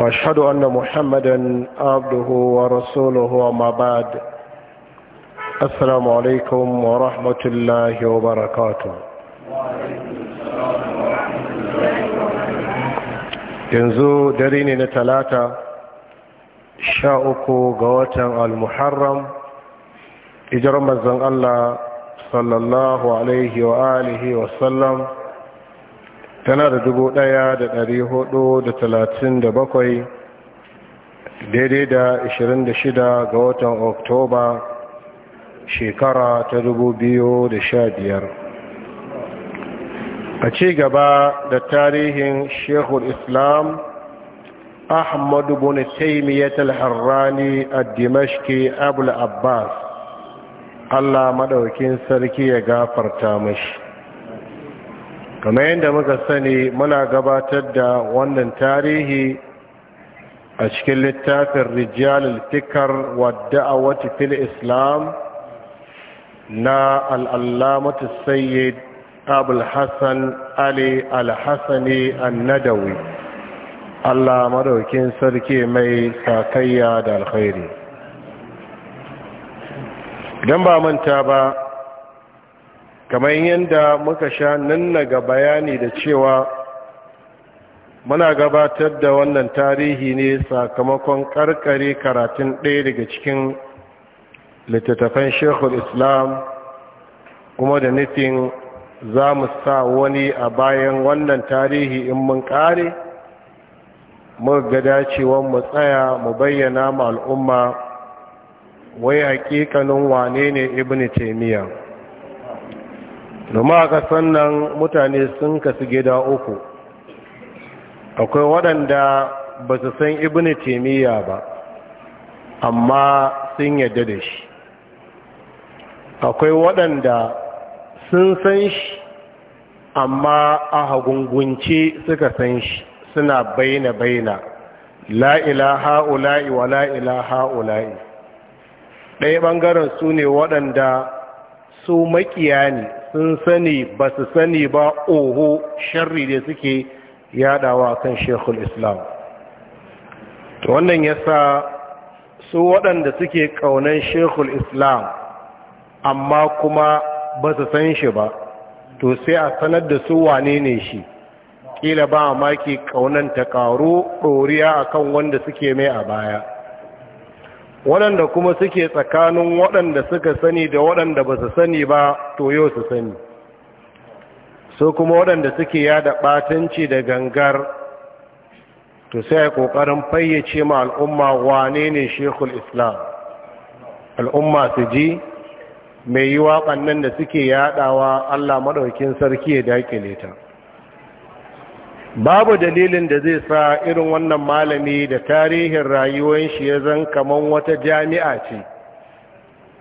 واشهد ان محمدا عبده ورسوله وما بعد السلام عليكم ورحمه الله وبركاته yanzu dare ne na talata sha uku ga watan al-muharram ijar mazan allah sallallahu alaihi wa alihi wasallam tana da dubu ɗaya da ɗari hudu da talatin da bakwai daidai da ashirin da shida ga watan oktoba shekara ta dubu biyu da sha biyar a ci gaba da tarihin shekul islam ahmadu bin taimiyyat al-harrani a dimashki abul abbas allah maɗaukin sarki ya gafarta mashi kamar yadda muka sani muna gabatar da wannan tarihi a cikin littafin rijalul fikar wadda a wata fil islam na al'allamatu sayyid abul ali al-hassani annadawi allah madaukin sarki mai sakayya da alkhairi idan ba manta ba kamar yadda muka sha nannaga ga bayani da cewa muna gabatar da wannan tarihi ne sakamakon karkare karatun ɗaya daga cikin littattafan shekul islam kuma da nufin za mu sa wani a bayan wannan tarihi in mun ƙare muka ga dacewar mu tsaya mu bayyana ma al'umma wai hakikanin wane ne ibn taimiyya domin a kasan nan mutane sun kasu gida uku akwai waɗanda ba su san ibini taimiyya ba amma sun yadda da shi akwai waɗanda sun san shi amma a hagungunci suka san shi suna baina-baina la'ila ha'ula'i wa la'ila ha'ula'i ɗaya ɓangaren su ne waɗanda su makiya ne sun sani ba su sani ba oho sharri da suke yadawa kan shekul islam to wannan yasa su waɗanda suke ƙaunan shekul islam amma kuma ba su san shi ba to sai a sanar da su wane ne shi ƙila ba maki ƙaunan ta ƙaru ɗoriya a kan wanda suke mai a baya waɗanda kuma suke tsakanin waɗanda suka sani da waɗanda ba su sani ba to yau su sani so kuma waɗanda suke yada ɓatanci da gangar to sai a ƙoƙarin fayyace ma al'umma wane ne shekul islam al'umma su ji mai yi waƙannan da suke yadawa allah maɗaukin sarki ya daƙile ta babu dalilin da zai sa irin wannan malami da tarihin rayuwar shi ya zan kaman wata jami'a ce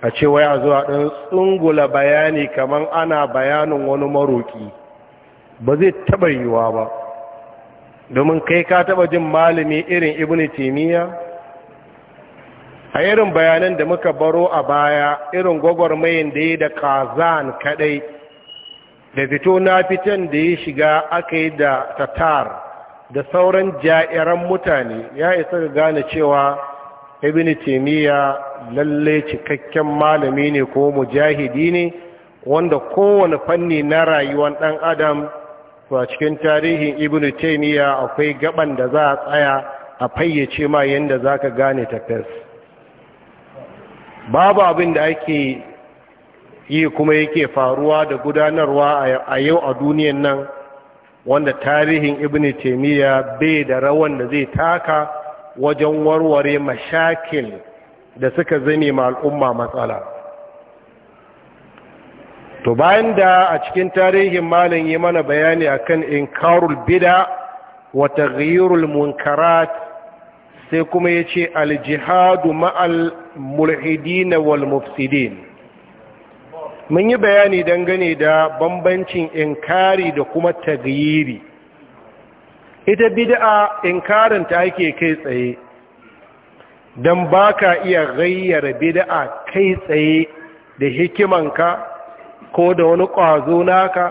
a cewa ya zuwa ɗan tsungula bayani kaman ana bayanin wani maroki ba zai taɓa yiwuwa ba domin kai ka taɓa jin malami irin ibn timiya a irin bayanan da muka baro a baya irin gwagwarmayin da ya da kazan kaɗai da fito na fitan da ya shiga aka yi da tatar da sauran ja'iran mutane ya isa ga gane cewa ibn taimiyya lalle cikakken malami ne ko mujahidi ne wanda kowane fanni na rayuwar ɗan adam a cikin tarihin ibn taimiyya akwai gaban da za a tsaya a fayyace ma yadda za ka gane tafes babu abin da ake yi kuma yake faruwa da gudanarwa a yau a duniyan nan wanda tarihin ibn taimiyya bai da rawan da zai taka wajen warware mashakil da suka zane ma al'umma matsala to bayan da a cikin tarihin malam yi mana bayani akan inkarul bida wa ghirul munkarat sai kuma ya ce Aljihadu ma'al mulhidi wal mufsidin mun yi bayani dangane da bambancin inkari da kuma tagiri ita bid'a inkarin ta ake kai tsaye don ba ka iya gayyara bid'a kai tsaye da hikimanka ko da wani ƙwazo naka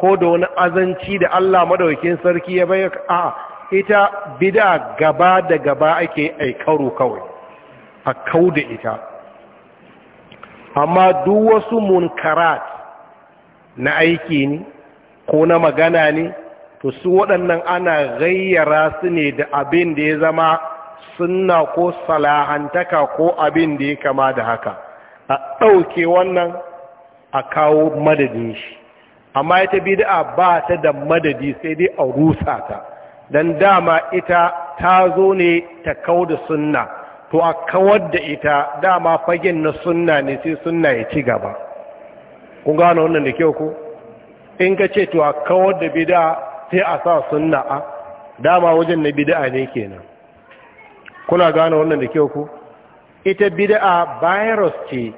ko da wani azanci da Allah madaukin sarki ya bayar a ita bid'a gaba da gaba ake aikaro kawai a kau da ita amma duk wasu munkarat na aiki ne ko na magana ne to su waɗannan ana gayyara su ne da abin da ya zama sunna ko salahantaka ko abin da ya kama da haka a ɗauke wannan a kawo madadin shi amma ita bid'a ba ta da madadi sai dai a rusa ta don dama ita ta zo ne ta kau da sunna to a kawar da ita dama fagen na sunna ne sai sunna ya ci gaba kun gano wannan da kyau ko in ka ce to a kawar da bid'a sai a sa sunna a dama wajen na bid'a ne kenan kuna gano wannan da kyau ko ita bid'a virus ce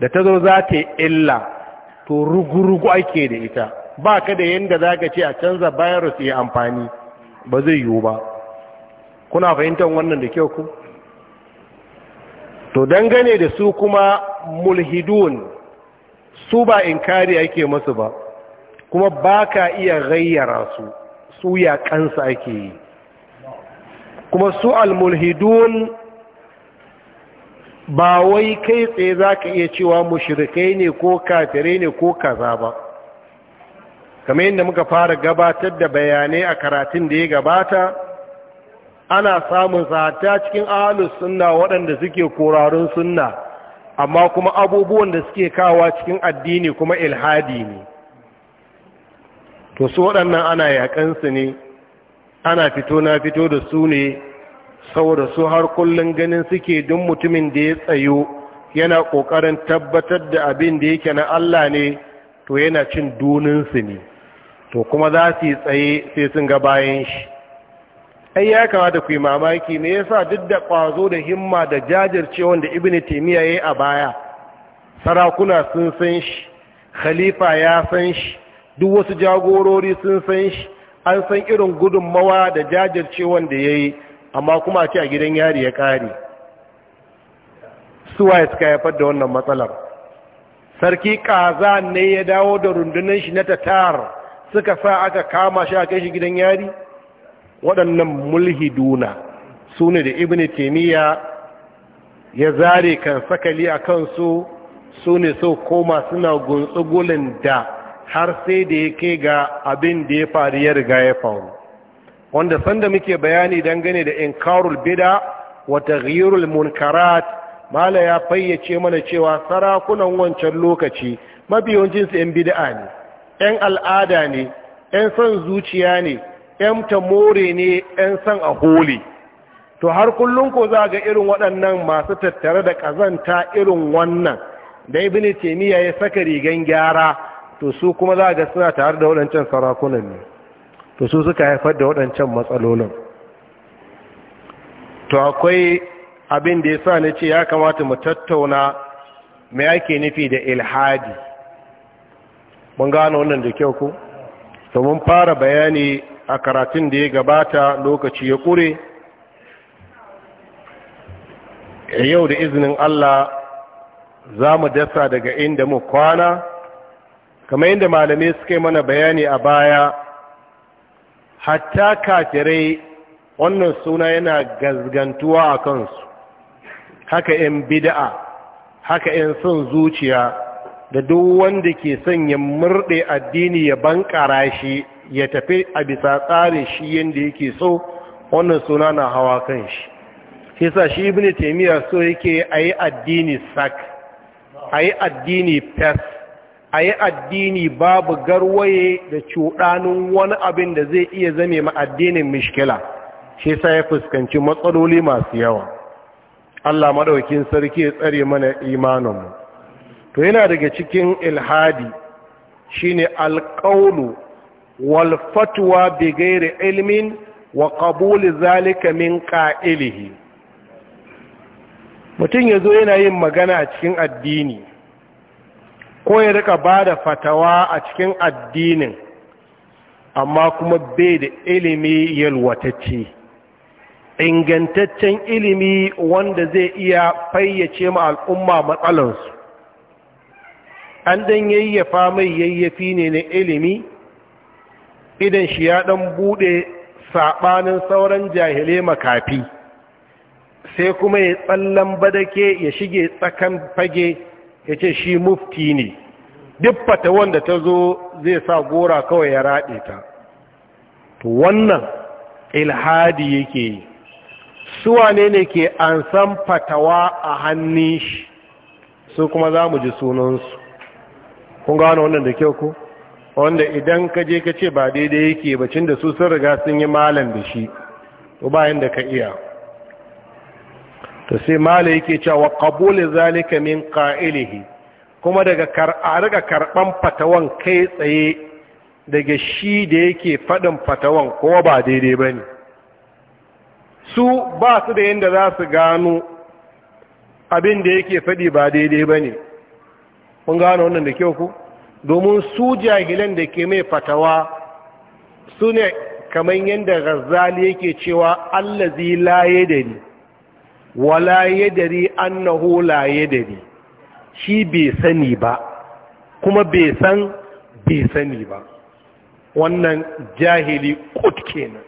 da ta zo za ta illa to rugurugu ake da ita ba ka da yadda za ka ce a canza virus ya amfani ba zai yiwu ba kuna fahimtar wannan da kyau ku to dangane da su kuma mulhidun su ba in inkari ake masu ba kuma ba ka iya gayyara su su ya kansa ake yi kuma su Al-Mulhidun ba wai kai tsaye za ka iya cewa mushirikai ne ko kafirai ne ko kaza ba kamar yadda muka fara gabatar da bayanai a karatun da ya gabata ana samun sata cikin ahalus sunna waɗanda suke korarun sunna amma kuma abubuwan da suke kawa cikin addini kuma ilhadi ne to su waɗannan ana yaƙansu ne ana fito na fito da su ne saboda su har kullum ganin suke don mutumin da ya tsayo yana ƙoƙarin tabbatar da abin da yake na Allah ne to yana cin duninsu ne to kuma za su yi tsaye sai sun ga bayan shi ai ya kamata ku yi mamaki me yasa duk da ƙwazo da himma da jajircewa da ibn ya yayi a baya sarakuna sun san shi khalifa ya san shi duk wasu jagorori sun san shi an san irin gudunmawa da jajircewan da yayi amma kuma a ce a gidan yari ya kare suwaye suka haifar da wannan matsalar sarki kaza ne ya dawo da rundunar shi na tatar suka sa aka kama shi a kai shi gidan yari waɗannan mulhiduna su ne da ibn taimiyya ya zare kan sakali a kansu su ne sau koma suna gunsugulin da har sai da ya kai ga abin da ya faru ya riga ya faru wanda sanda muke bayani dangane da inkarul bida wata ghirul munkarat mala ya fayyace mana cewa sarakunan wancan lokaci mabiyancin su yan bid'a ne yan al'ada ne yan son zuciya ne 'yan ta more ne 'yan san a holi to har kullum ko za ga irin waɗannan masu tattare da ƙazanta irin wannan da ibn taymiya ya saka rigan gyara to su kuma za ga suna tare da waɗancan sarakunan ne to su suka haifar da waɗancan matsalolin to akwai abin da ya sa ni ce ya kamata mu tattauna me ake nufi da ilhadi mun gano wannan da kyau ko to mun fara bayani a karatun da ya gabata lokaci ya ƙure yau da izinin Allah za mu dasa daga inda mu kwana kamar inda malamai suka yi mana bayani a baya hatta kafirai wannan suna yana gazgantuwa a kansu haka 'yan bida'a haka 'yan son zuciya da duk wanda ke son ya murɗe addini ya bankara shi ya tafi a bisa tsarin shi yadda yake so wannan suna na hawa kan shi shi sa shi ibini taimiyya so yake a yi addini sak a yi addini pes a yi addini babu garwaye da cuɗanin wani abin da zai iya zame ma addinin mishkila shi sa ya fuskanci matsaloli masu yawa Allah maɗaukin sarki ya tsare mana imaninmu to yana daga cikin ilhadi shine alƙaunu Walfatwa bigairi bi ilmin wa qabul zalika min ƙa’ilihi mutum ya zo yana yin magana a cikin addini ko ya rika da fatawa a cikin addinin amma kuma bai da ilimi yalwatacce ingantaccen ilimi wanda zai iya fayyace ma al'umma matsalansu an dan yayyafa mai yayyafi ne na ilimi idan shi ya ɗan buɗe saɓanin sauran jahile makafi sai kuma ya tsallan badake ya shige tsakan fage ya ce shi mufti ne duk fata wanda ta zo zai sa gora kawai ya raɗe ta to wannan ilhadi yake yi wane ne ke an san fatawa a hannun shi su kuma za mu ji sunansu kun gano wannan da kyau ko? wanda idan ka je ka ce ba daidai yake bacin da su sun riga sun yi malam da shi to bayan da ka iya to sai mala yake cewa qabul zalika min qa'ilihi kuma daga riga karban fatawan kai tsaye daga shi da yake faɗin fatawan ko ba daidai bane su ba su da yanda za su gano abin da yake faɗi ba daidai bane kun gano wannan da kyau ku domin su jahilan da ke mai fatawa su ne kamar yadda ghazali yake cewa allazi la yadari wala yadari annahu da ni, shi bai sani ba kuma bai san bai sani ba wannan jahili kut kenan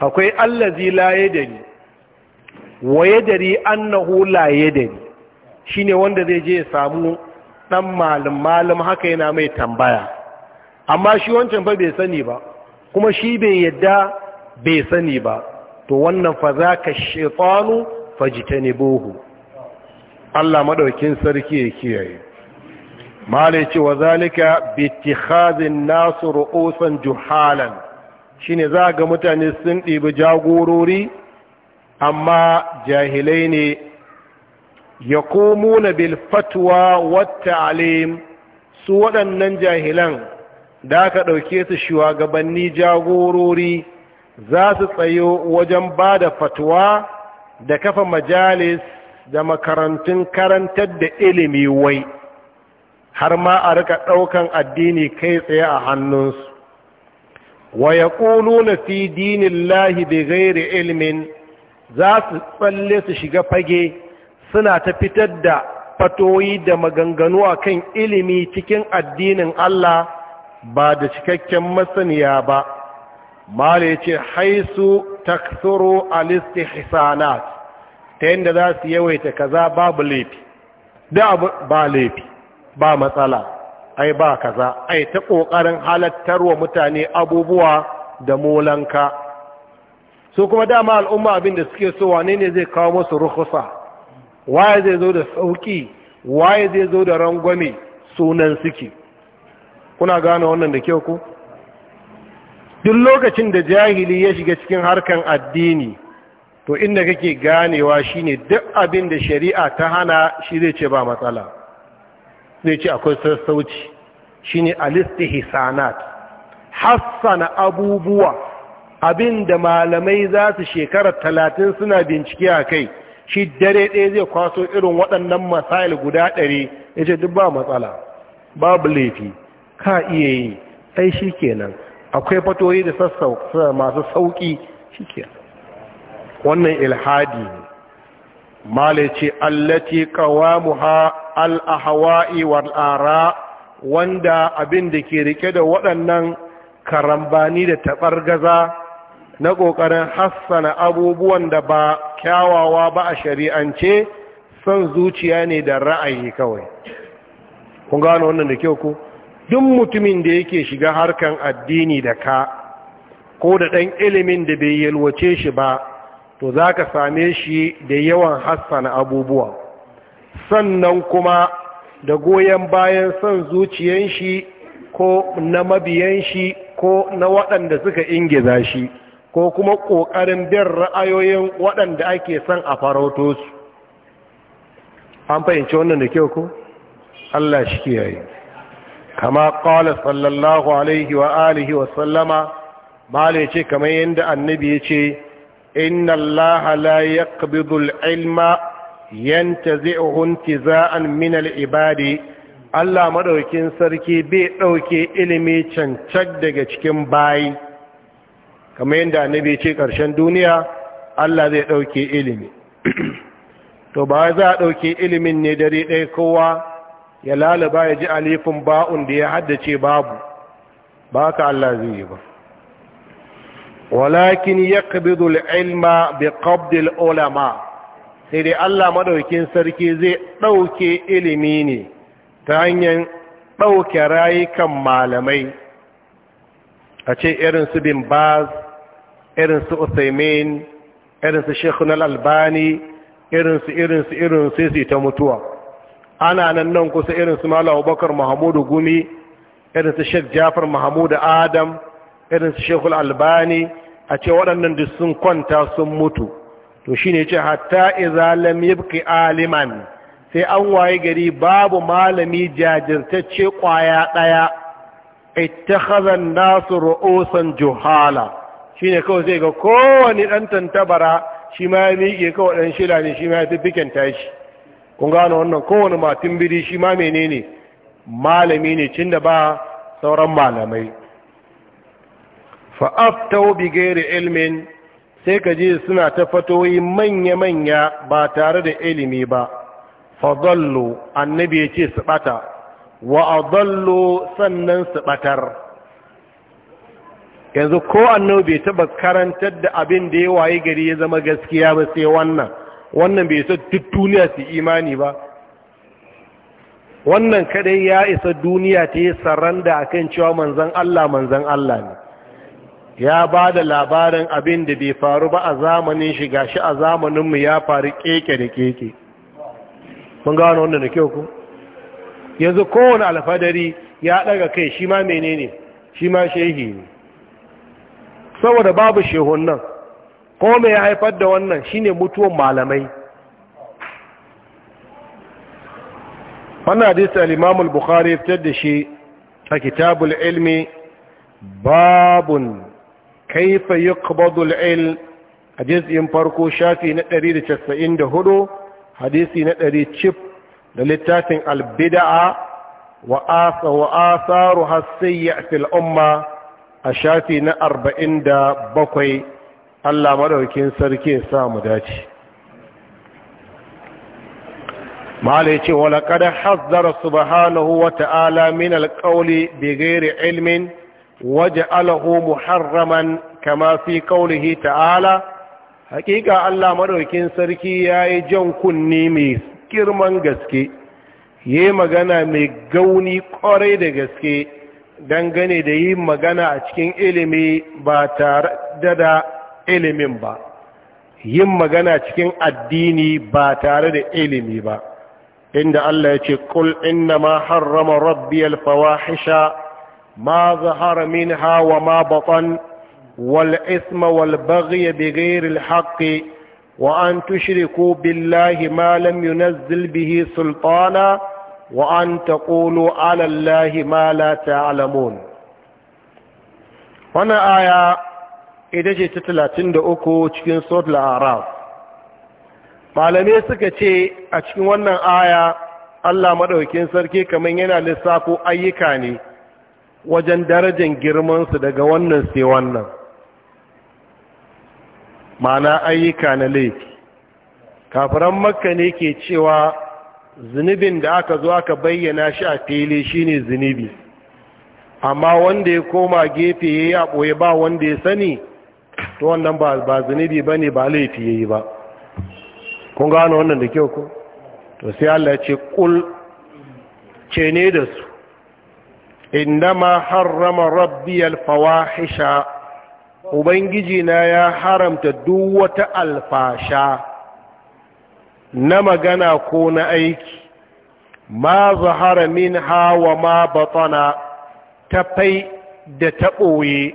akwai allazi da ni wa yadari annahu la shi shine wanda zai je ya samu ɗan malum malum haka yana mai tambaya amma shi wancan fa bai sani ba kuma shi bai yadda bai sani ba to wannan fa za ka shaitanu bohu Allah maɗaukin sarki ya kiyaye malai ce wa zalika bitikhazin nasu ru'usan juhalan shine za ga mutane sun ɗibi jagorori amma jahilai ne yaqumuna bil fatwa wat ta'lim su waɗannan jahilan da aka ɗauke su shugabanni jagorori za su tsayo wajen ba da fatwa da kafa majalis da makarantun karantar da ilimi wai har ma a rika ɗaukan addini kai tsaye a hannunsu wa ya na fi dinin lahi bai ilimin za su tsalle su shiga fage suna ta fitar da fatoyi da maganganu a kan ilimi cikin addinin Allah ba da cikakken masaniya ba mala ta haisu a al hisanat ta yadda za su yawaita kaza babu laifi da abu ba laifi ba matsala ai ba kaza ai ta ƙoƙarin wa mutane abubuwa da molanka su kuma dama al'umma abinda suke so wane ne zai kawo musu rukusa waye zai zo da sauki waye zai zo da rangwame sunan suke kuna gane wannan da kyau ko duk lokacin da jahili ya shiga cikin harkan addini to inda kake ganewa shine duk abin da shari'a ta hana shi zai ce ba matsala zai ce akwai sassauci shine alistihisanat hassana abubuwa abin da malamai za su shekarar talatin suna bincike a kai shi dare ɗaya zai kwaso irin waɗannan masail guda ɗari ya ce duk ba matsala babu laifi ka iya yi ai shi kenan akwai fatoyi da sassauka masu sauƙi shi wannan ilhadi ne mala ce allati mu al wanda abin da ke rike da waɗannan karambani da gaza na ƙoƙarin hassana abubuwan da ba kyawawa ba a shari'ance son zuciya ne da ra'ayi kawai kun gano wannan da kyau ku duk mutumin da yake shiga harkan addini da ka ko da ɗan ilimin da bai yalwace shi ba to za ka same shi da yawan hassana abubuwa sannan kuma da goyon bayan son zuciyan shi ko na mabiyan shi ko na waɗanda suka ingiza shi ko kuma ƙoƙarin bin ra'ayoyin waɗanda ake son a farauto su an fahimci wannan da kyau ko Allah shi kiyaye kama qala sallallahu alaihi wa alihi wa sallama malai ce kamar yadda annabi ya ce inna Allah la yaqbidu al-ilma zai intiza'an min minal ibadi Allah maɗaukin sarki bai ɗauke ilimi cancan daga cikin bayi kamar yadda annabi ce ƙarshen duniya Allah zai dauke ilimi to ba za a dauke ilimin ne dare ɗaya kowa ya lalaba ya ji alifin ba'un da ya haddace babu ba ka Allah zai yi ba walakin ya ilma bi qabdil ulama sai dai Allah maɗaukin sarki zai ɗauke ilimi ne ta hanyar ɗauke rayukan malamai a ce irin su bin baz irin su Usaimin irin su Sheikhun Al-Albani irin su irin su irin su sai ta mutuwa ana nan nan kusa irin su Malam Abubakar Mahmudu Gumi irin su Sheikh Jafar Mahmudu Adam irin su Sheikhul Albani a ce waɗannan duk sun kwanta sun mutu to shine ce, hatta idza lam Yabki aliman sai an waye gari babu malami jajirtacce kwaya ɗaya ittakhadha an-nasu ru'usan juhala ne kawai zai ga kowane ɗan tantabara shi ma ya miƙe kawai ɗan shila ne shi ma ya fiffiken tashi kun gano wannan kowane matin biri shi ma menene malami ne cin da ba sauran malamai fa'aftau bi gairi ilmin sai ka je suna ta fatoyi manya-manya ba tare da ilimi ba fadallo annabi ya ce su ɓata wa adallo sannan su ɓatar yanzu ko annabi bai taba karantar da abin da ya waye gari ya zama gaskiya ba sai wannan wannan bai isa duk duniya su imani ba wannan kadai ya isa duniya ta yi saranda kan cewa manzan Allah manzan Allah ne ya ba da labarin abin da bai faru ba a zamanin shi shi a zamaninmu ya faru keke da keke mun gano wannan da kyau ku yanzu kowane alfadari ya daga kai shi ma menene shi ma shehi ne saboda babu shehun nan ko ya haifar da wannan shine mutuwan malamai wannan hadisi al-imam al-bukhari fitar da shi a kitabul ilmi babun kaifa yuqbadu ilm hadisin farko shafi na 194 hadisi na 100 chip da littafin al-bid'a wa asa fil umma a shafi na arba'in da bakwai allah maɗaukin sarki ya sa mu dace malai ce wala kada hazzara subhanahu wa ta'ala min alƙauli bi gairi ilmin waje alahu muharraman kama fi ƙaulihi ta'ala hakika allah maɗaukin sarki ya yi jan kunni mai girman gaske yi magana mai gauni ƙwarai da gaske dangane da yin magana a cikin ilimi ba tare da ilimin ba yin magana cikin addini ba tare da ilimi ba inda Allah ya ce kul inna ma harrama rabbi alfawahisha ma zahara minha wa ma batan wal isma wal baghy bi ghayri alhaqi wa an tushriku billahi ma lam yunzil bihi sultana وأن تقولوا على الله ما لا تعلمون wannan aya ita ce ta talatin da uku cikin suratul malamai suka ce a cikin wannan aya Allah maɗaukin sarki kamar yana lissafo ayyuka ne wajen darajar girmansu daga wannan sai wannan mana ayyuka na laifi kafiran makka ne ke cewa zunubin da aka zo aka bayyana shi a fili shine zunubi amma wanda ya koma gefe ya yi a ɓoye ba wanda ya sani to wannan ba zunubi ba ne ba laifi ya yi ba kun gano wannan da kyau ko to sai allah ce kul ce ne da su innama harrama rabbi alfawahisha ubangiji na ya haramta duk wata alfasha na magana ko na aiki ma zahara min hawa ma batana ta fai da ta ɓoye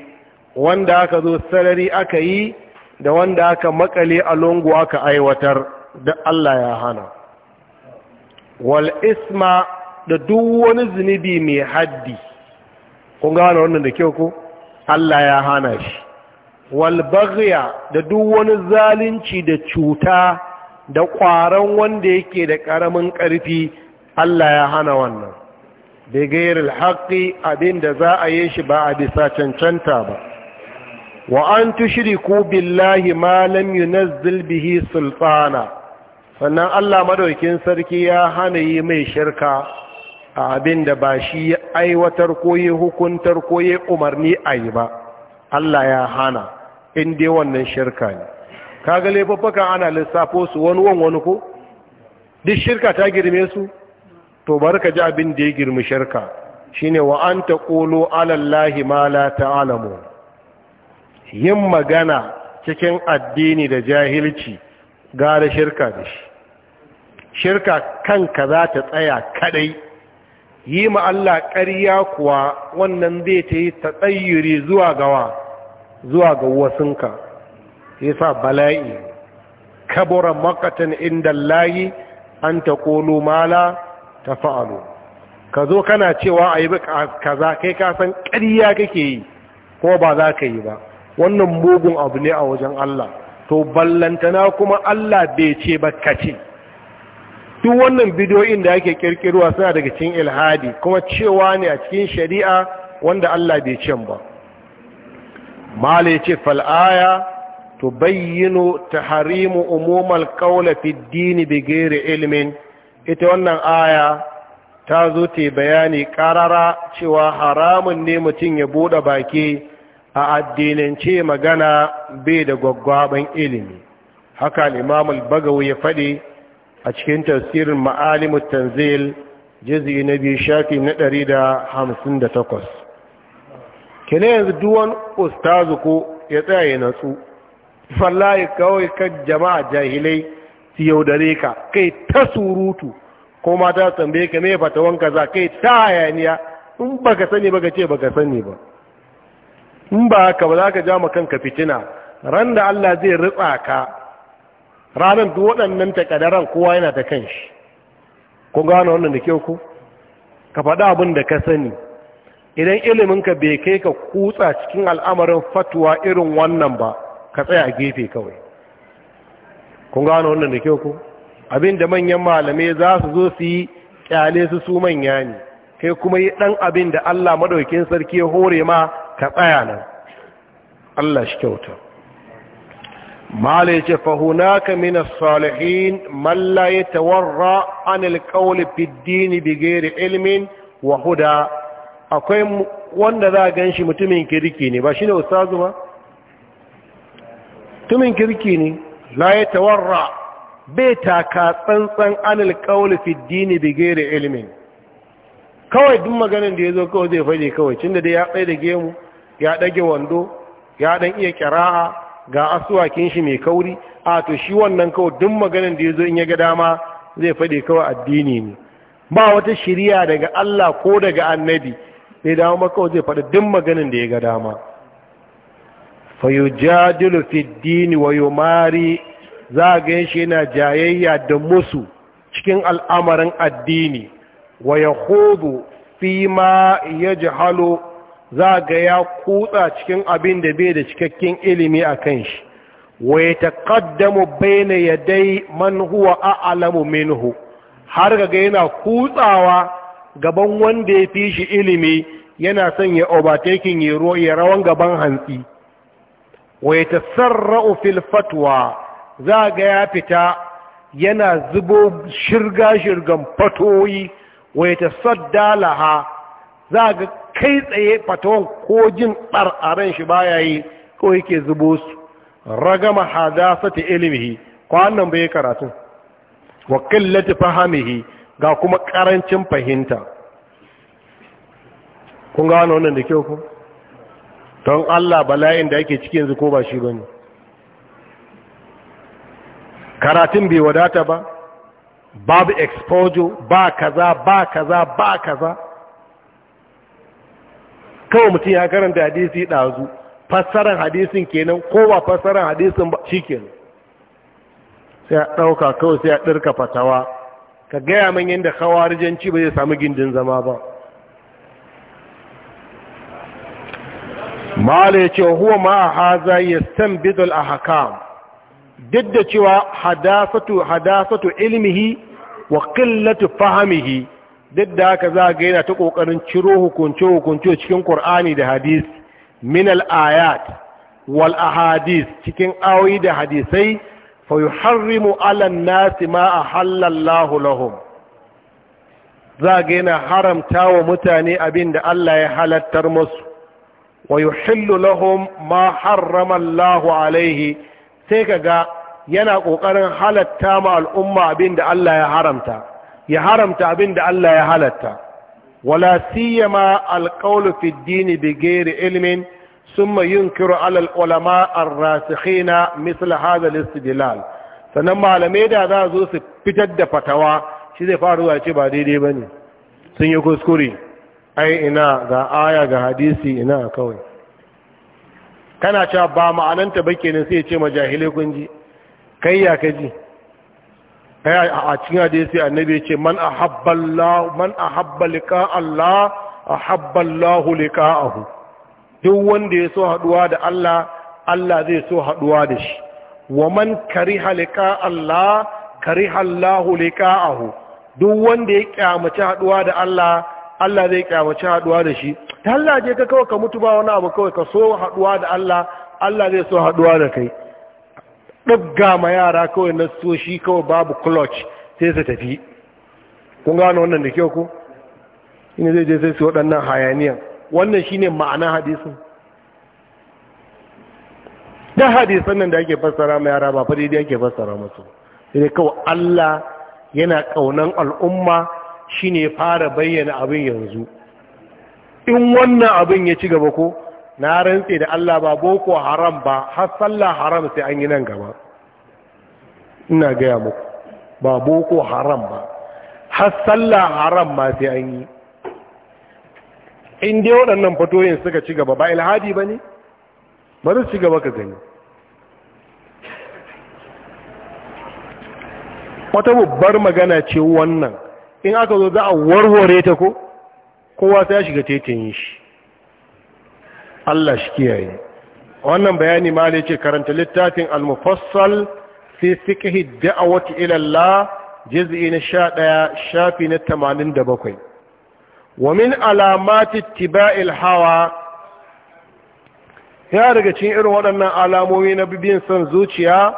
wanda aka zo sarari aka yi da wanda aka makale a lungu aka aiwatar da Allah ya hana wal isma da duk wani zunubi mai haddi kun gano wannan da kyau ko Allah ya hana shi wal baghya da duk wani zalunci da cuta da ƙwaron wanda yake da ƙaramin ƙarfi Allah ya hana wannan bai gairil haƙi abin da za a yi shi ba a bisa cancanta ba wa an ku billahi ma lam yunazzil sultana sannan Allah madaukin sarki ya hana yi mai shirka a abin da ba shi ya aiwatar ko hukuntar ko umarni a yi ba Allah ya hana in dai wannan shirka ne Ka ga laifuffuka ana lissafo su wani wani ko duk shirka ta girme su to bari ka ji abin da ya girmi shirka shine wa an ta ala alallahi ma la ta'lamu yin magana cikin addini da jahilci gara shirka da shi shirka kanka za ta tsaya kadai yi ma Allah ƙarya kuwa wannan zai ta yi ta tsayyuri zuwa gawa zuwa ga wasunka sa bala'i kabura makatan inda layi an ta ƙolo mala ta fa’alo ka zo kana cewa a yi kaza kai kasan ƙarya kake yi ko ba za ka yi ba wannan mugun abu ne a wajen Allah to ballantana kuma Allah bai ce ba ka ce duk wannan bidiyoyin da ake kirkirwa suna daga cikin ilhadi kuma cewa ne a cikin shari'a wanda Allah bai ce ba mala ya ce fal'aya تبين تحريم umumal القول في الدين بغير علم ita wannan aya ta zo ta bayani karara cewa haramun ne mutum ya bude baki a addinance magana bai da gwaggwaban ilimi haka al-imam al-bagawi ya fadi a cikin tafsirin ma'alimut tanzil juz'i na biyu shafi na 158 kene yanzu duwan ustazu ya tsaya ya natsu wallahi kawai kan jama'a jahilai su yaudare ka kai ta surutu ko mata tambaye ka me fatawan kaza kai ta hayaniya in baka sani ba ka ce baka sani ba in ba ka ba za ka ja ma kanka fitina ran da Allah zai ritsa ka ranar duk waɗannan takadaran kowa yana da kan shi ko gano wannan da kyau ku ka faɗa abin da ka sani idan iliminka bai kai ka kutsa cikin al'amarin fatuwa irin wannan ba ka tsaya a gefe kawai kun gano wannan da kyau ku? abin manyan malamai za su zo su yi kyale su su manya ne kai kuma yi ɗan abin da Allah maɗaukin sarki ya hore ma ka tsaya nan Allah shi kyauta malai ce fahuna ka mina salihin mallaye tawarra an al-qawl fi ilmin wa akwai wanda za a ganshi mutumin kirki ne ba shi ne ustazu ba tumin kirki ne la ya tawarra bai taka tsantsan anil qawli fi dini da ghairi kawai duk maganin da ya zo kawai zai faɗi kawai cinda dai ya tsaye da gemu ya ɗage wando ya ɗan iya ƙira'a ga asuwakin shi mai kauri a to shi wannan kawai duk maganin da ya zo in ya ga dama zai faɗi kawai addini ne ba wata shirya daga Allah ko daga annabi sai dawo kawai zai faɗi dun maganin da ya ga dama fa yujadilu fi wa yumari za ga shi yana jayayya da musu cikin al'amarin addini wa yahudu fi ma yajhalu za ga ya kutsa cikin abin da bai da cikakken ilimi a kan shi wa ya taƙaddamu baina ya dai man huwa a'lamu minhu har ga yana kutsawa gaban wanda ya fi shi ilimi yana son ya overtaking ya rawan gaban hantsi wai ta sarra'u fil fatwa za ga ya fita yana zubo shirga-shirgan fatoyi wai ta saddalaha za ga kai tsaye fatawan ko jin ɓar'aren shi baya yi ko yake zubo su ragama hadasata ilmihi kwanan bai karatu wa qillati fahamihi ga kuma karancin fahimta kun gano wannan da kyau ku don Allah bala'in da yake ciki yanzu ko ba shi bane karatun bai wadata ba babu exposure ba kaza ba kaza ba kaza kawai mutum ya karanta hadisi ɗazu fassarar hadisin kenan ko ba fassarar hadisin ba shi sai a ɗauka kawai sai a ɗirka fatawa ka gaya min yadda kawarijanci ba zai samu gindin zama ba mala ya ce huwa ma haza yastanbidu al-ahkam duk da cewa hadasatu hadasatu ilmihi wa qillatu fahmihi duk da haka za ga yana ta ƙoƙarin ciro hukunce hukunce cikin ƙur'ani da hadisi minal ayat wal ahadis cikin ayoyi da hadisai fa yuharrimu ala an-nasi ma lahum za ga yana haramta wa mutane abin da Allah ya halattar musu wa yuhillu ما ma الله عليه alaihi sai kaga yana kokarin halatta ma al'umma abinda Allah ya haramta ya haramta abinda Allah ya halatta wala siyama alqawlu fi ad-din bighairi ilmin ثم ينكر على ulama الراسخين مثل هذا الاستدلال sannan malamai da za zo su fitar da fatawa shi zai faruwa ce ba daidai bane sun yi kuskure ai ina ga aya ga hadisi ina kawai kana cewa ba ma'ananta ba kenan sai ce ma jahilai kun ji kai ya ka ji a cikin hadisi annabi ya ce man ahabballahu man ahabba Allah ahabballahu liqa'ahu duk wanda ya so haduwa da Allah Allah zai so haɗuwa da shi wa man kariha liqa Allah kariha Allahu liqa'ahu duk wanda ya kyamace haduwa da Allah Allah zai kyamaci haduwa da shi ta Allah je ka kawai ka mutu ba wani abu kawai ka so haduwa da Allah Allah zai so haduwa da kai ɗabga ma yara kawai na so shi kawai babu clutch sai su tafi kun gano wannan da kyau ko ina zai je sai su waɗannan hayaniyan wannan shine ma'ana hadisin da hadisan nan da ake fassara ma yara ba fa ake fassara musu sai kawai Allah yana ƙaunan al'umma shi ya fara bayyana abin yanzu in wannan abin ya ci gaba ko na rantse da Allah ba boko haram ba har sallah haram sai an yi nan gaba ina gaya muku ba boko haram ba har sallah haram ma sai an yi in dai waɗannan fatoyin suka ci gaba ba ilhadi ba ne ba su ci gaba ka gani wata babbar magana ce wannan in aka zo za a warware ta ko kowa ta shiga tetayin shi Allah shi kiyaye wannan bayani ma ne ce karanta littafin al-mufassal fi ad-da'wati ila Allah juz'i na 11 shafi na 87 wa min alamati al hawa ya daga cikin irin waɗannan alamomi na bibin san zuciya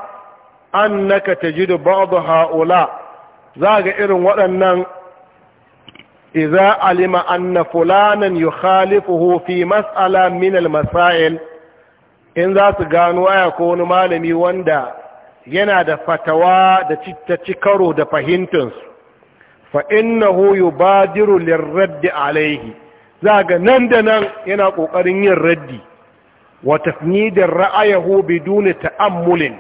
annaka tajidu ba'd ha'ula za ga irin waɗannan إذا علم أن فلانا يخالفه في مسألة من المسائل in za su gano aya ko wani malami wanda yana da fatawa da ci karo da fahimtinsu fa innahu yubadiru lirraddi alaihi za ga nan da nan yana ƙoƙarin yin raddi wa tafnidin ra'ayahu biduni ta'ammulin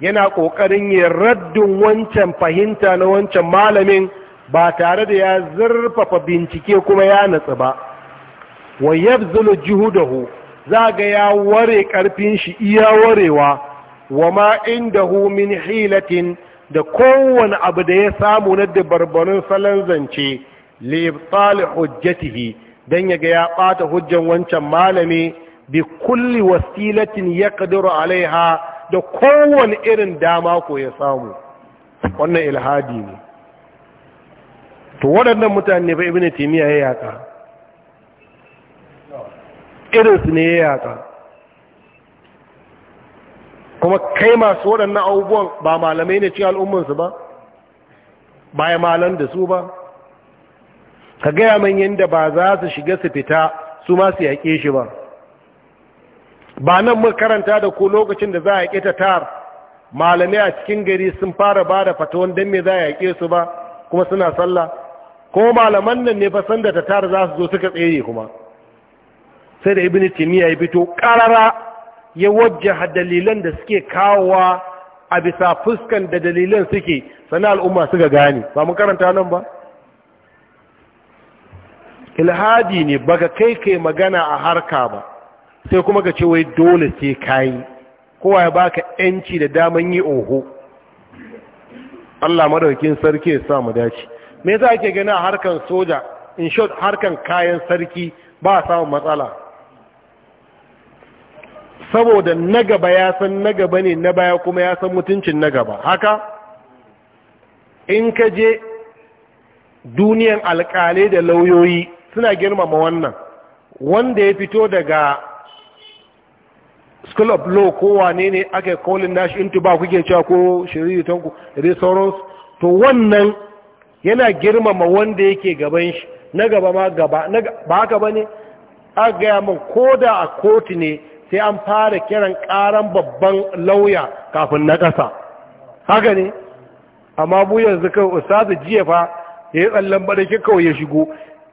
yana ƙoƙarin yin raddin wancan fahimta na wancan malamin ba tare da ya zurfafa bincike kuma ya natsu ba wa yabzulu juhudahu ga ya ware karfin shi iya warewa wa ma indahu min hilatin da kowane abu da ya samu na dabarbarun salon zance libtal hujjatihi dan yaga ya bata hujjan wancan malami bi kulli wasilatin yaqdiru alaiha da kowane irin dama ko ya samu wannan ilhadi ne to waɗannan mutane ba ibn timiya ya yaka irinsu ne ya yaka kuma kai masu waɗannan abubuwan ba malamai ne cikin al'ummansu ba ba ya malan da su ba ka gaya man yadda ba za su shiga su fita su ma su yaƙe shi ba ba nan mu karanta da ku lokacin da za a yaƙe ta tar malamai a cikin gari sun fara ba da fatawan don me za a yaƙe su ba kuma suna sallah ko malaman nan ne fa sanda ta tara za su zo suka tsere kuma sai da ibn timiya ya fito karara ya wajja dalilan da suke kawowa a bisa fuskan da dalilan suke sana al'umma suka gane ba mun karanta nan ba ilhadi ne baka kai kai magana a harka ba sai kuma ka ce wai dole sai kayi kowa ya baka yanci da daman yi oho Allah madaukin sarki ya sa mu dace me yasa ake gani a harkan soja in short harkan kayan sarki ba samun matsala saboda na gaba ya san na gaba ne na baya kuma ya san mutuncin na gaba haka in ka je duniyan alkalai da lauyoyi suna girmama wannan wanda ya fito daga school of law ko wane ne aka kolin nashi into ba kuke cewa ko shiriritan tanku da sauransu to wannan yana girmama wanda yake gaban shi na gaba ma gaba ba haka ba ne a gaya min ko da a kotu ne sai an fara kiran karan babban lauya kafin na ƙasa haka ne amma bu yanzu kan ustazu jiya fa ya yi tsallan baraki kawai ya shigo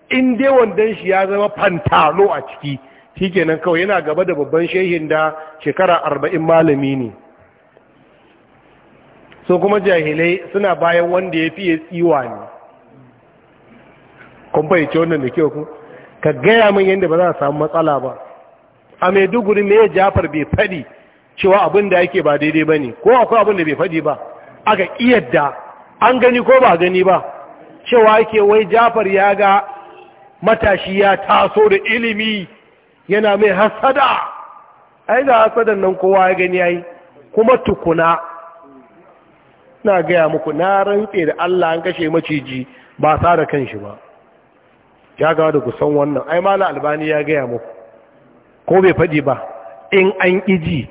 in dai wandon shi ya zama fantalo a ciki shi shikenan kawai yana gaba da babban shehin da shekara arba'in malami ne so kuma jahilai suna bayan wanda ya fiye tsiwa ne kun fahimci wannan da kyau ku ka gaya min yadda ba za a samu matsala ba a maiduguri me jafar bai faɗi cewa abin da yake ba daidai ba ne ko akwai abin da bai faɗi ba aka iyadda an gani ko ba gani ba cewa yake wai jafar ya ga matashi ya taso da ilimi yana mai hasada ai ga hasadan nan kowa ya gani yayi kuma tukuna na gaya muku na rantse da Allah an kashe maciji ba sa da kanshi ba ya gawa da kusan wannan ai mala albani ya gaya muku ko bai faɗi ba in an iji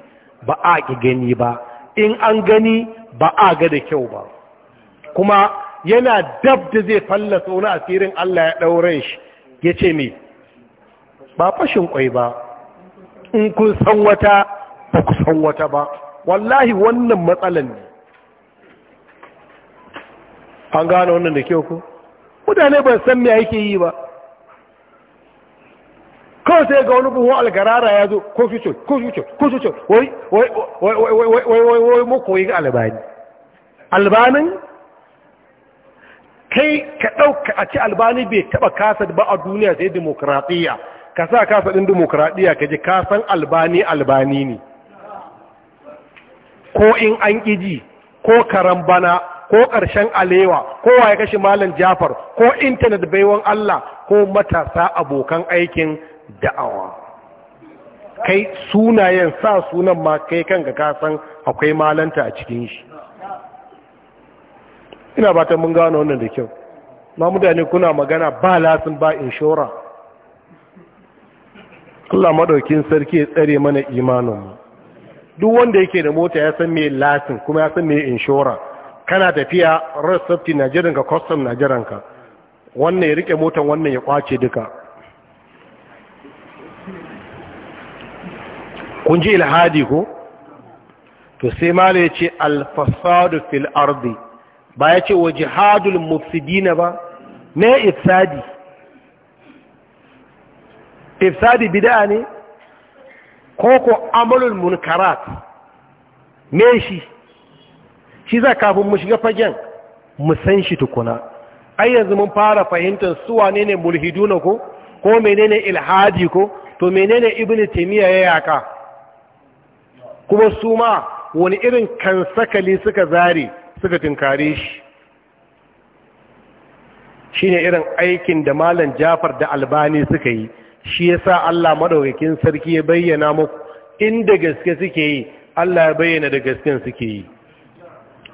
ba a ki gani ba in an gani ba a ga da kyau ba kuma yana dab da zai fallasa wani asirin Allah ya ɗauran shi ya ce me ba fashin kwai ba in kun san wata ba ku san wata ba wallahi wannan matsalan ne an gane wannan da kyau ko mutane ban san me yake yi ba kawai sai ga wani buhun algarara ya zo ko fito ko fito ko fito wai wai wai wai wai wai yi albani albanin kai ka ɗauka a ci albani bai taɓa kasa ba a duniya sai demokradiyya ka sa kasa ɗin demokradiyya ka ji kasan albani albani ne ko in an ƙiji ko karan bana ko ƙarshen alewa ko waye kashe malam jafar ko intanet baiwan Allah ko matasa abokan aikin da'awa kai sunayen sa sunan ma kai kanka ka san akwai malanta a cikin shi ina bata mun gano wannan da kyau ma mutane kuna magana ba lasin ba inshora Allah madaukin sarki ya tsare mana imaninmu duk wanda yake da mota ya san me lasin kuma ya san me inshora kana tafiya road safety na jiranka custom na ka wannan ya rike motan wannan ya kwace duka kun ji ilhadi ko to sai mala ya ce alfasadu fil ardi ba ya ce wa jihadul mufsidina ba ne ifsadi ifsadi bid'a ne ko ko amalul munkarat me shi shi za kafin mu shiga fagen mu san shi tukuna ai yanzu mun fara fahimtar su wane ne mulhiduna ko ko menene ilhadi ko to menene ibnu taymiya ya yaka kuma su ma wani irin kansakali suka zare suka tunkare shi shine irin aikin da malam Jafar da Albani suka yi shi yasa Allah madaukakin sarki ya bayyana muku inda gaske suke yi Allah ya bayyana da gasken suke yi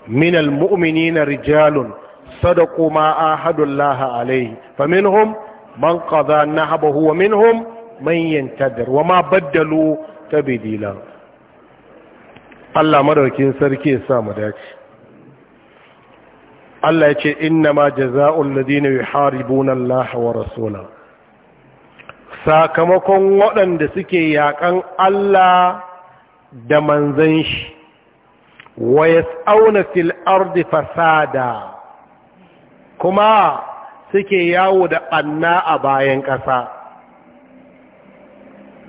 من المؤمنين رجال صدقوا ما عاهدوا الله عليه فمنهم من قضى نهبه ومنهم من ينتظر وما بدلوا تبديلا Allah madaukin sarki ya sa mu dace Allah ya ce innama jazaa'ul ladina yuharibuna Allah wa rasulahu sakamakon waɗanda suke yakan Allah da manzan shi wa tsauna fil ardi fasada kuma suke yawo da ɓanna a bayan ƙasa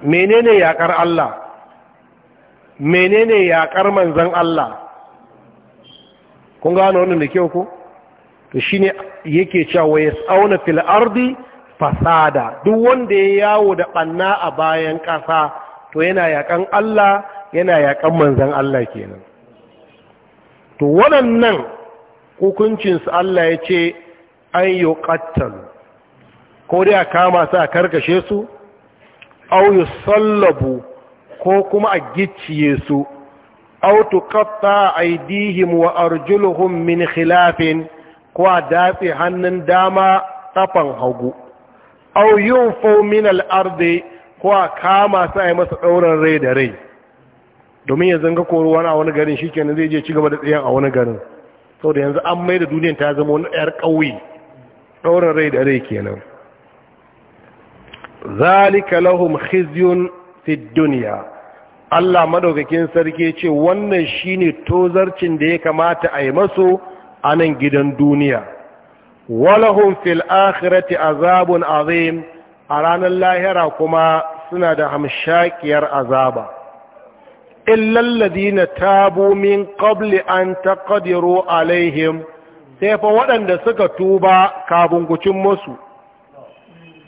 menene yaƙar Allah menene yaƙar manzon Allah kun gano wannan da kyau ko to shine yake cewa tsauna fil ardi fasada duk wanda ya yawo da ɓanna a bayan ƙasa to yana yaƙan Allah yana yaƙan manzon Allah kenan to waɗannan hukuncinsu Allah ya ce an yi ƙattalu ko dai a kama su a karkashe su au sallabu ko kuma a gicciye su ƙatta a aidihim wa arjuluhum min khilafin ko a datse hannun dama tafan hagu au yin faumin ko a kama su a yi masa ɗaurin rai da rai domin yanzu ga koro a wani garin shi kenan zai je ci gaba da tsayen a wani garin Sau da yanzu an mai da duniyan ta zama wani yar ƙauye ɗaurin rai da rai kenan zalika lahum khizyun fi duniya. Allah madaukakin sarki ce wannan shine tozarcin da ya kamata a yi maso a nan gidan duniya walahum fil akhirati azabun azim a ranar lahira kuma suna da hamshakiyar azaba illal ladina tabu min qabli an taqdiru alaihim sai fa waɗanda suka tuba kafin gucin musu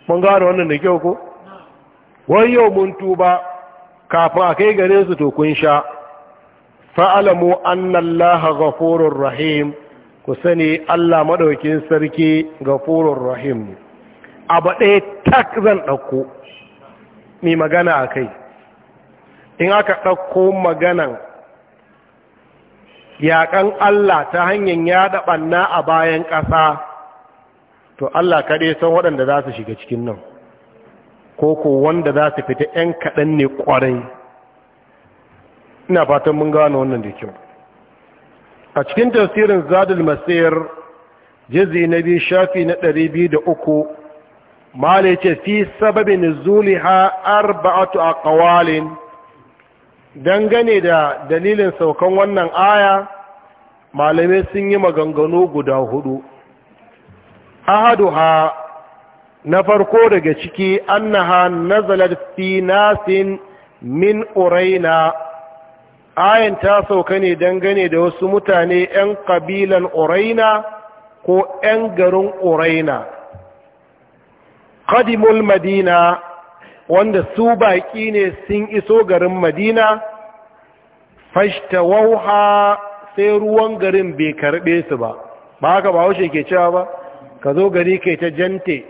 mun gano wannan da kyau ko wai yau mun tuba kafin a kai gare su to kun sha fa'alamu annallaha ghafurur rahim ku sani Allah madaukin sarki ga ghafurur rahim a ɗaya tak zan ɗauko mai magana a kai in aka ɗauko maganan yaƙan Allah ta hanyar yaɗa ɓanna a bayan ƙasa to Allah kaɗai san waɗanda za su shiga cikin nan ko ko wanda za su fita 'yan kaɗan ne ƙwarai ina fatan mun gano wannan da kyau a cikin tasirin zadul masir jizi na biyu shafi na ɗari biyu da uku mala ce fi sababin zuliha arba'atu a ƙawalin dangane da dalilin saukan wannan aya malamai sun yi maganganu guda hudu ahaduha na farko daga ciki annaha nazalat fi nasin min uraina ayan ta sauka ne dangane da wasu mutane 'yan kabilan uraina ko 'yan garin uraina qadimul madina wanda su baƙi ne sun iso garin madina wauha sai ruwan garin bai karɓe su ba ba haka ba haushe ke cewa ba ka zo gari kai ta jante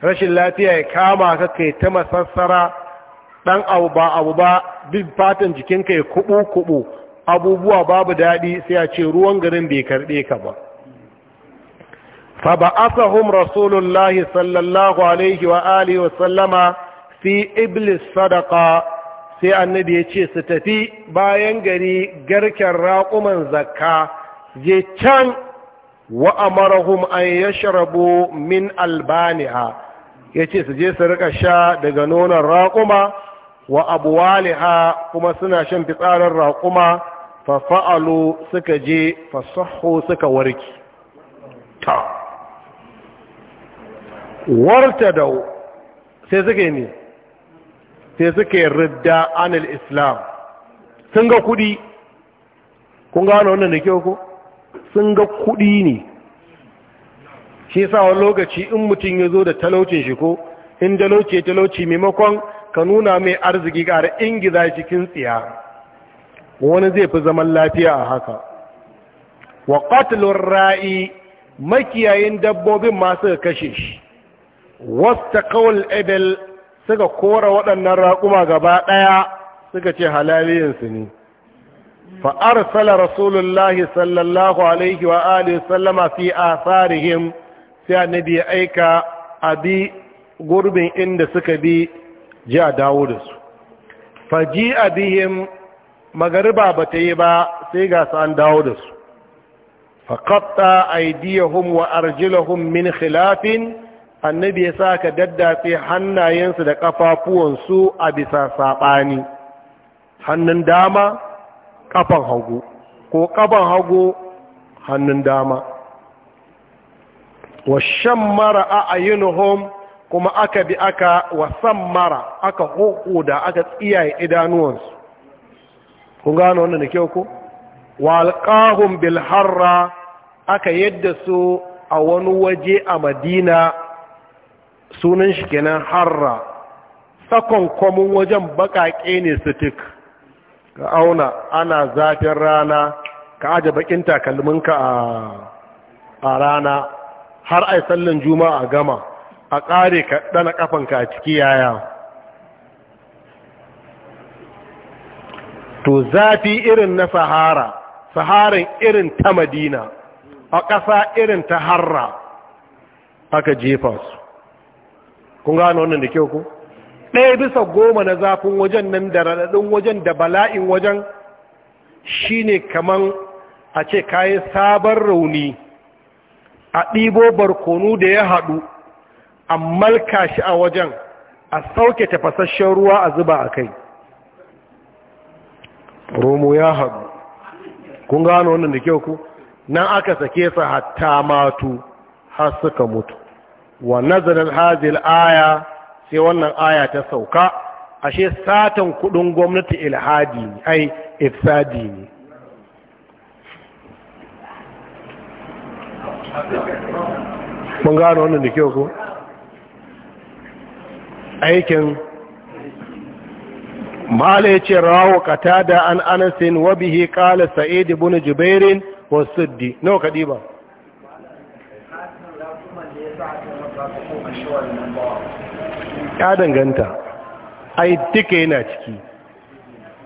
rashin lafiya ya kama ka kai ta masassara ɗan abu ba abu ba duk fatan jikinka ya kuɓu-kuɓu abubuwa babu daɗi sai a ce ruwan garin bai karɓe ka ba fa ba asahum rasulullahi sallallahu alaihi wa alihi wa sallama fi iblis sadaka sai annabi ya ce su tafi bayan gari garken raƙuman zakka je can wa amarahum an yashrabu min albaniha ya ce su je su rika sha daga nonon raƙuma wa abuwaliha kuma suna shan fitsarin raƙuma fafa'alu suka je fasaho suka warki ta warta da sai suka yi ne sai suka yi rida anil islam sun ga kudi kun gano wannan da kyau ko sun ga kudi ne shi sa wani lokaci in mutum ya zo da talaucin shi ko in talauci talauci maimakon ka nuna mai arziki in ingiza cikin tsiya wani zai fi zaman lafiya a haka wa qatlur ra'i makiyayin dabbobin masu kashe shi wasta kawal ebel suka kora waɗannan raƙuma gaba ɗaya suka ce halaliyinsu ne fa'arsala rasulullahi sallallahu alaihi wa alihi sallama fi a farihim sai annabi ya aika a bi gurbin inda suka bi ji a dawo da su faji a bihim magariba ba ta yi ba sai ga su an dawo da su faƙaɓta aidiyahum wa arjilahun min khilafin annabi ya sa ka daddatse hannayensu da ƙafafuwansu a bisa saɓani hannun dama ƙafan hagu ko ƙafan hagu hannun dama washen mara a ayyunuhum kuma aka bi aka wasan mara aka hoko da aka tsiyaye idanuwansu kun gano wannan da kyau ko walƙahun bilharra aka yadda su a wani waje a madina sunan shi kenan harra sakon kwamin wajen bakake ne su ka auna ana zafin rana ka aje bakin takalminka a rana har ai sallan juma'a a gama a ƙare ka ɗana ƙafanka a ciki yaya to zafi irin na sahara saharin irin ta madina a ƙasa irin ta harra aka jefa su kun gano wannan da kyau ku ɗaya bisa goma na zafin wajen nan da raɗaɗin wajen da bala'in wajen shine kaman a ce kayi sabon rauni a ɗibo barkonu da ya haɗu a malka shi a wajen a sauke tafasasshen ruwa a zuba a kai romo ya haɗu kun gano wannan da kyau ku nan aka sake sa hatta matu har suka mutu wa nazarin hazil aya sai wannan aya ta sauka ashe satan kudin gwamnati ilhadi ne ai ifsadi ne mun gano wannan da kyau ko aikin mala ce rawo kata da an anasin wabihi kala sa'id ibn jubairin wasu suddi nawa kadiba ya danganta ai duka yana ciki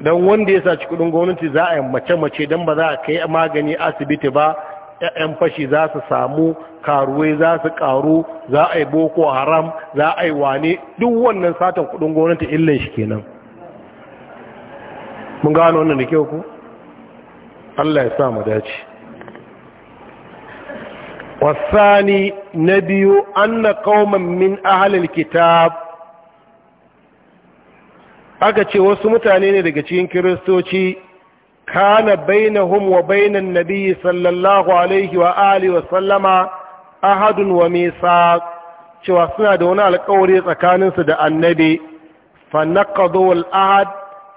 don wanda ya saci kudin gwamnati za a yi mace-mace don ba za a kai magani asibiti ba 'ya'yan fashi za su samu karuwai za su karu za a yi boko haram za a yi wane duk wannan satan kudin gwamnati illan shi kenan mun gano wannan da kyau ku allah ya sa mu dace wasani na biyu an na kauman min ahalil kitab aka ce wasu mutane ne daga cikin kiristoci kana bainahum wa bainan nabiyyi sallallahu alaihi wa alihi wa sallama ahadun wa misaq cewa suna da wani alƙawari tsakaninsu da annabi fa naqadu al ahad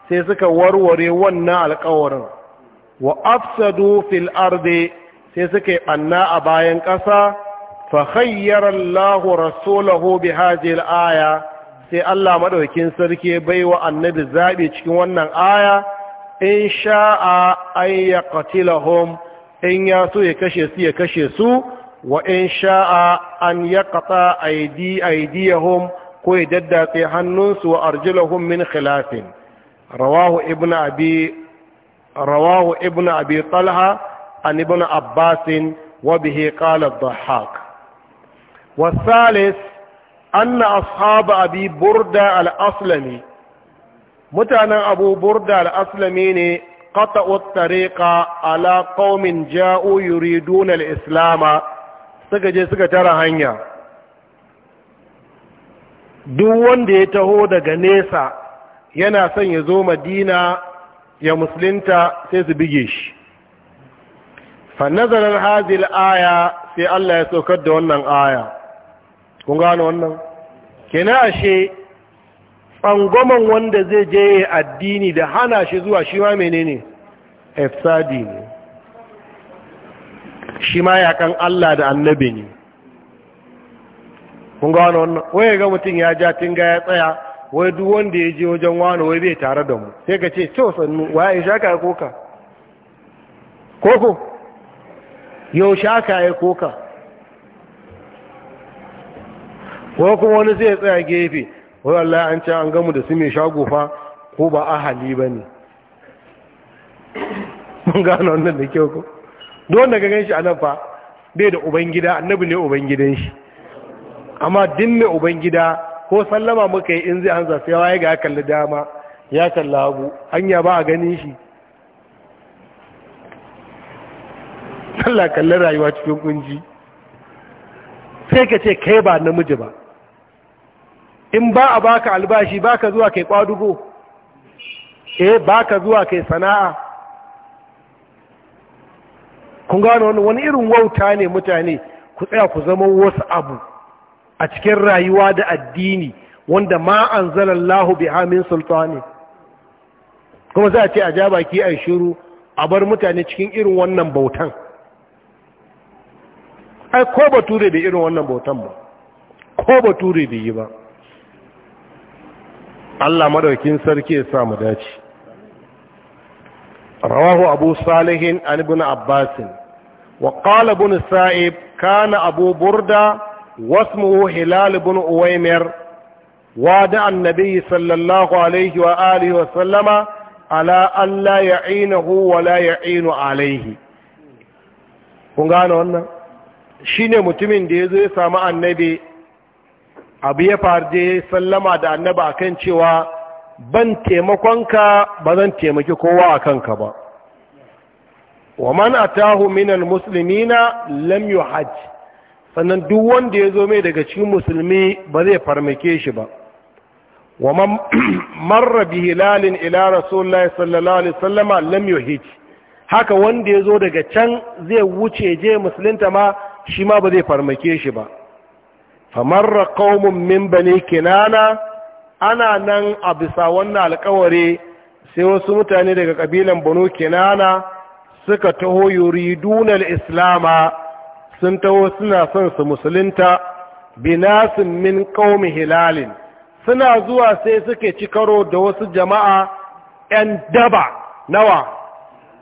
sai suka warware wannan alƙawarin wa afsadu fil ardi sai suka yi banna a bayan ƙasa fa khayyara Allahu rasulahu bi hadhihi al aya sai Allah maɗaukin sarki bai wa annabi zaɓi cikin wannan aya in sha'a an ya qatilahum in ya so ya kashe su ya kashe su wa in sha'a an ya qata aidi ko ya daddatse hannunsu wa arjulahum min khilafin rawahu ibnu abi talha an ibnu abbasin wa bihi qala wa dhahhak anna ashaba abi burda mutanen abu burda al ne qata'u at-tariqa ala qaumin ja'u yuriduna al-islama suka je suka tara hanya duk wanda ya taho daga nesa yana son ya zo madina ya musulunta sai su bige shi fa nazarar hazil aya sai Allah ya saukar da wannan aya kun gano wannan kenan ashe tsangwaman wanda zai je addini da hana shi zuwa shi ma menene efsadi ne shi ma yakan Allah da annabi ne kun gano wannan waye ga mutum ya ja tinga ya tsaya wai duk wanda ya je wajen wani wai bai tare da mu sai ka ce to sannu waye shaka koka koko yau shaka ya koka ko kuma wani zai tsaya gefe wai Allah an ci an gamu da su mai shago fa ko ba ahali ba ne mun gano wannan da kyau ko don daga gan shi anan fa bai da ubangida annabi ne ubangidan shi amma din mai ubangida ko sallama muka yi in zai hanza sai waye ga kalli dama ya kalla abu hanya ba a ganin shi Allah kalli rayuwa cikin kunji sai ka ce kai ba namiji ba in ba a baka albashi baka zuwa kai kwadugo eh baka zuwa kai sana'a kun gano wani irin wauta ne mutane ku tsaya ku zama wasu abu a cikin rayuwa da addini wanda ma an zalallahu bi hamin sultani kuma za a ce a ja baki a shiru a bar mutane cikin irin wannan bautan ai ko bature bai irin wannan bautan ba ko bature bai yi ba Allah madaukin sarki ya sa mu dace rawahu abu salihin an ibn abbas wa qala ibn sa'ib kana abu burda wasmuhu hilal ibn uwaymir wada annabi sallallahu alaihi wa alihi wa sallama ala an la ya'inahu wa la ya'inu alaihi kun gane wannan shine mutumin da yazo ya samu annabi abu ya farje sallama da annaba akan cewa ban taimakonka ba zan taimaki kowa a kanka ba wa man atahu musulmi na lam hajj sannan duk wanda ya zo mai daga cikin musulmi ba zai farmake shi ba wa man marra bi hilalin ila rasulullahi sallallahu alaihi wasallama lam haka wanda ya zo daga can zai wuce je musulunta ma shi ma ba zai farmake shi ba famarra qaumun min bani kinana ana nan a bisa wannan alƙawari sai wasu mutane daga kabilan banu kinana suka taho yuri dunar islama sun taho suna son su musulunta binasin min qaumi hilalin suna zuwa sai suke ci karo da wasu jama'a 'yan daba nawa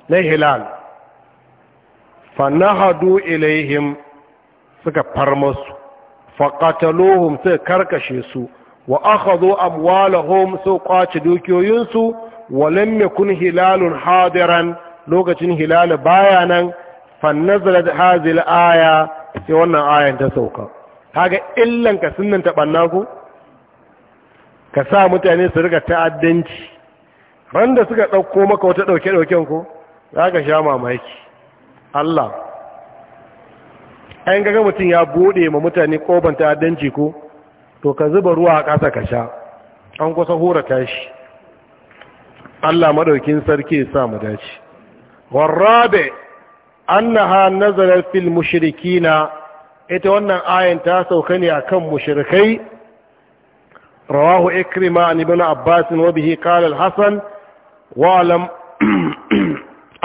na hilal fanahadu ilaihim suka farmasu Faƙataluhun sai karkashe su wa aka zo amwalahum sai kwace dukiyoyinsu walam kun hilalun hadiran lokacin hilal baya nan fannazalat hazil aya sai wannan ayan ta sauka kaga illan ka sunnan ta ku ka sa mutane su rika ta'addanci randa suka ɗauko maka wata ɗauke-ɗauken ku zaka sha mamaki Allah an gaga mutum ya buɗe ma mutane a ɗan ko to ka zuba ruwa a ƙasa ka sha an kusa hura tashi Allah maɗaukin sarki ya sa mu dace warrabe ha nazarar fil mushrikina ita wannan ayan ta sauka ne a kan mushrikai rawahu ikrima an ibn abbas wa bihi qala al hasan wa alam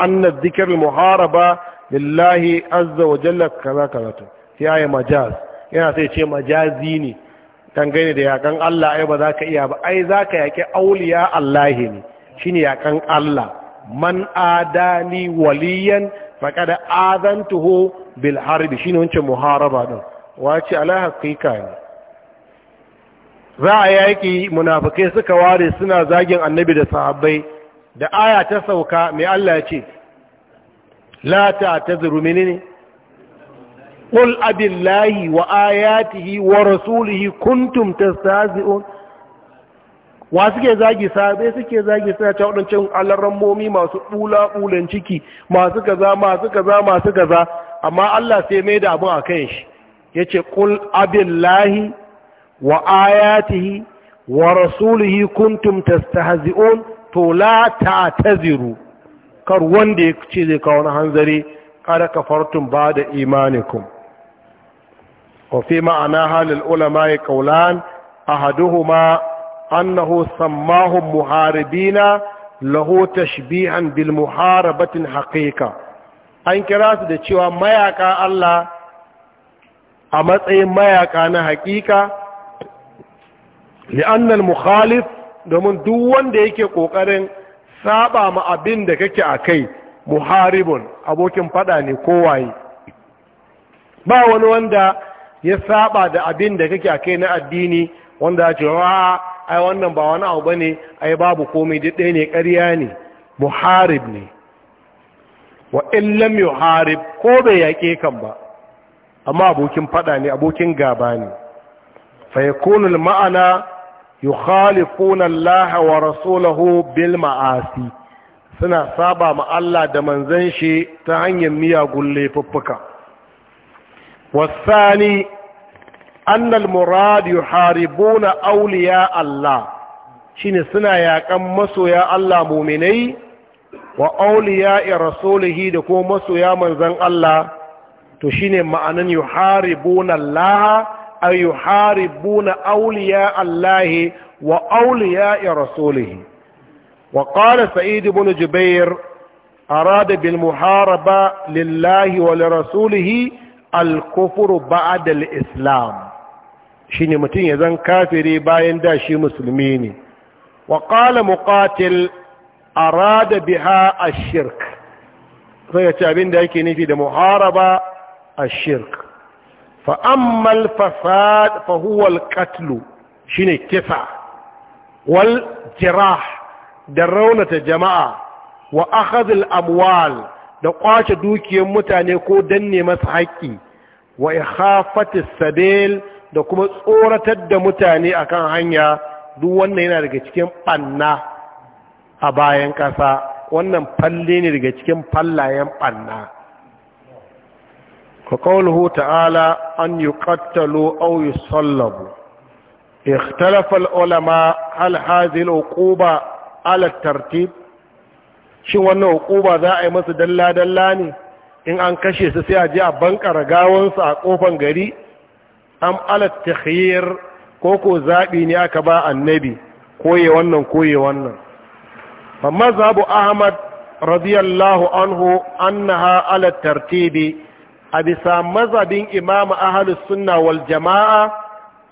anna dhikr al muharaba lillahi azza wa jalla kaza kaza to sai ayi majaz yana sai ce majazi ne dangane da yakan Allah ai ba za ka iya ba ai za ka yaƙi auliya Allah ne shine yakan Allah man adani waliyan faqad adantuhu bil harbi shine wancan muharaba din wace ala haqiqa ne za a yaƙi munafikai suka ware suna zagin annabi da sahabbai da aya ta sauka mai Allah ya ce la ta'tazuru menene qul abillahi wa ayatihi wa rasulihi kuntum tastahzi'un wa suke zagi sabai suke zagi suna ta wadancan alarammomi masu ɓula ɓulan ciki masu kaza masu kaza masu kaza amma Allah sai mai da a kan shi Ya ce ƙul abillahi wa ayatihi wa rasulihi kuntum tastahzi'un to la ta'taziru kar wanda ya ce zai kawo na hanzari kada kafartun ba da imanikum wa fi ma'ana halil ulama ya kaulan ahaduhuma annahu sammahun muharibina lahu tashbihan bil muharabatin haqiqa an kira su da cewa mayaka Allah a matsayin mayaka na haƙiƙa li'annal mukhalif domin duk wanda yake ƙoƙarin saba ma abin da kake a kai muharibun abokin fada ne kowaye ba wani wanda ya saba da abin da kake a kai na addini wanda ya ce wa ai wannan ba wani abu bane ai babu komai duk ɗaya ne ƙarya ne muharib ne wa in lam yuharib ko bai yaƙe kan ba amma abokin fada ne abokin gaba ne fa yakunu ma'ana yukhalifuna Allah wa rasuluhu bil ma'asi suna saba ma Allah da manzon shi ta hanyar miyagun laifuffuka wasani annal murad yuharibuna awliya Allah shine suna yakan masoya Allah mu'minai wa awliya rasulihi da kuma masoya manzon Allah to shine ma'anan yuharibuna Allah ay yuharibuna awliya Allah wa awliya rasulih jubair arada bil muharaba lillahi wa lirasulihi al kufru ba'da islam shine mutum ya zan kafiri bayan da shi musulmi ne Waƙala muƙatil muqatil arada biha ash-shirk sai ya abin da yake nufi da muharaba a shirk fa ammal fasad fa huwa shine kisa wal jirah da raunata jama'a wa akhadh al-amwal da kwace dukiyar mutane ko danne masu haƙƙi wa ikhafati sabil da kuma tsoratar da mutane akan hanya duk wannan yana daga cikin ɓanna a bayan ƙasa wannan falle ne daga cikin fallayen ɓanna. ka ƙaunuhu ta'ala an yi ƙattalo au yi sallabu ikhtalafal ulama alhazil uquba ala tartib shin wannan uquba za a yi masa dalla-dalla ne in an kashe su sai a je a bankara gawansu a kofan gari am ala takhyir ko ko zabi ne aka ba annabi koye wannan koye wannan fa mazhabu ahmad radiyallahu anhu annaha ala tartibi a bisa mazabin imamu ahalus sunna wal jama'a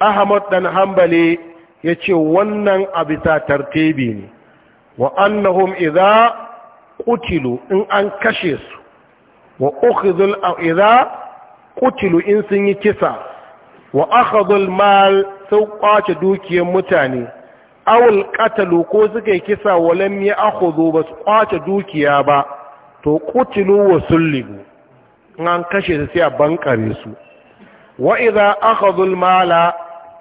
ahmad dan hambali ya ce wannan a bisa tartibi ne wa annahum idha qutilu in an kashe su wa ukhidhul idha qutilu in sun yi kisa wa akhadul mal sau kwace dukiyar mutane awul qatalu ko suka yi kisa walam ya akhudhu bas kwace dukiya ba to qutilu wa an kashe su sai a bankare su wa idza akhadhul mala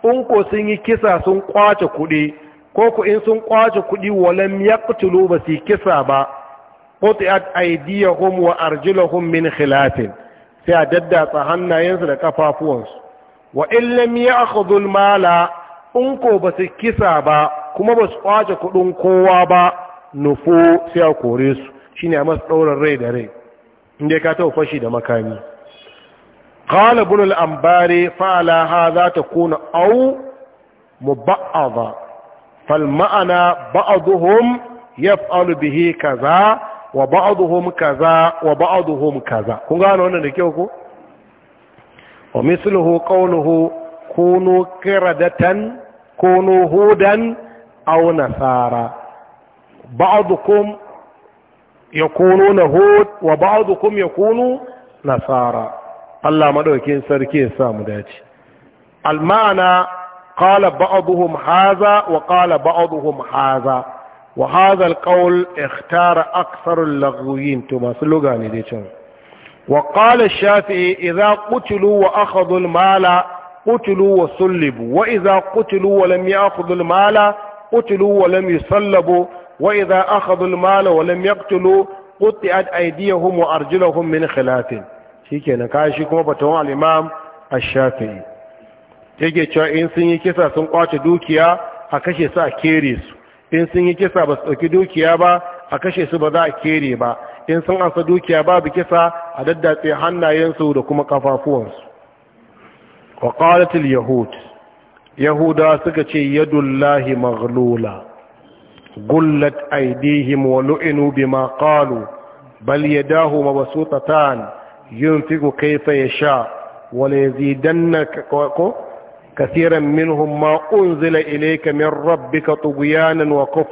in ko sun yi kisa sun kwace kuɗi ko ku in sun kwace kuɗi walam yaqtulu ba su kisa ba qutiat aydiyahum wa arjuluhum min khilafin sai a daddatsa hannayensu da kafafuwansu wa in lam ya'khudhul mala in ko ba su kisa ba kuma ba su kwace kuɗin kowa ba nufu sai a kore su shine a masu ɗaurin rai da rai inda ka taɓa fashi da makami qala ibn al-ambari fa'ala hadha takunu aw muba'adha fal ma'ana ba'dhum yaf'alu bihi kaza wa ba'dhum kaza wa ba'dhum kaza kun gano wannan da kyau ko wa misluhu qawluhu kunu qiradatan kunu hudan aw nasara ba'dukum yakunu hud wa ba'dukum yakunu nasara Allah madaukin sarki ya sa mu dace al-ma'ana qala ba'dhum haza wa qala ba'dhum hadha wa hadha al-qawl ikhtara akthar to masu lugane dai can wa qala shafi'i idza qutilu wa akhadhu al-mala qutilu wa sullibu wa idza qutilu wa lam ya'khudhu al-mala qutilu wa lam yusallabu wa idza akhadhu al-mala wa lam yaqtulu qutiat aydiyahum wa arjuluhum min khilaf shikenan kashi kuma fatawan al-imam ash-shafi'i yake cewa in sun yi kisa sun kwace dukiya a kashe su a kere su in sun yi kisa ba su ɗauki dukiya ba a kashe su ba za a kere ba in sun ansa dukiya babu kisa a daddatse hannayensu da kuma kafafuwansu wa qalatil yahud yahuda suka ce yadullahi maghlula gullat aidihim wa lu'inu bima qalu bal yadahu mabsutatan yunfiqu kayfa yasha wa la yazidanna ko كثيرا منهم ما أنزل إليك من ربك طغيانا وكفرا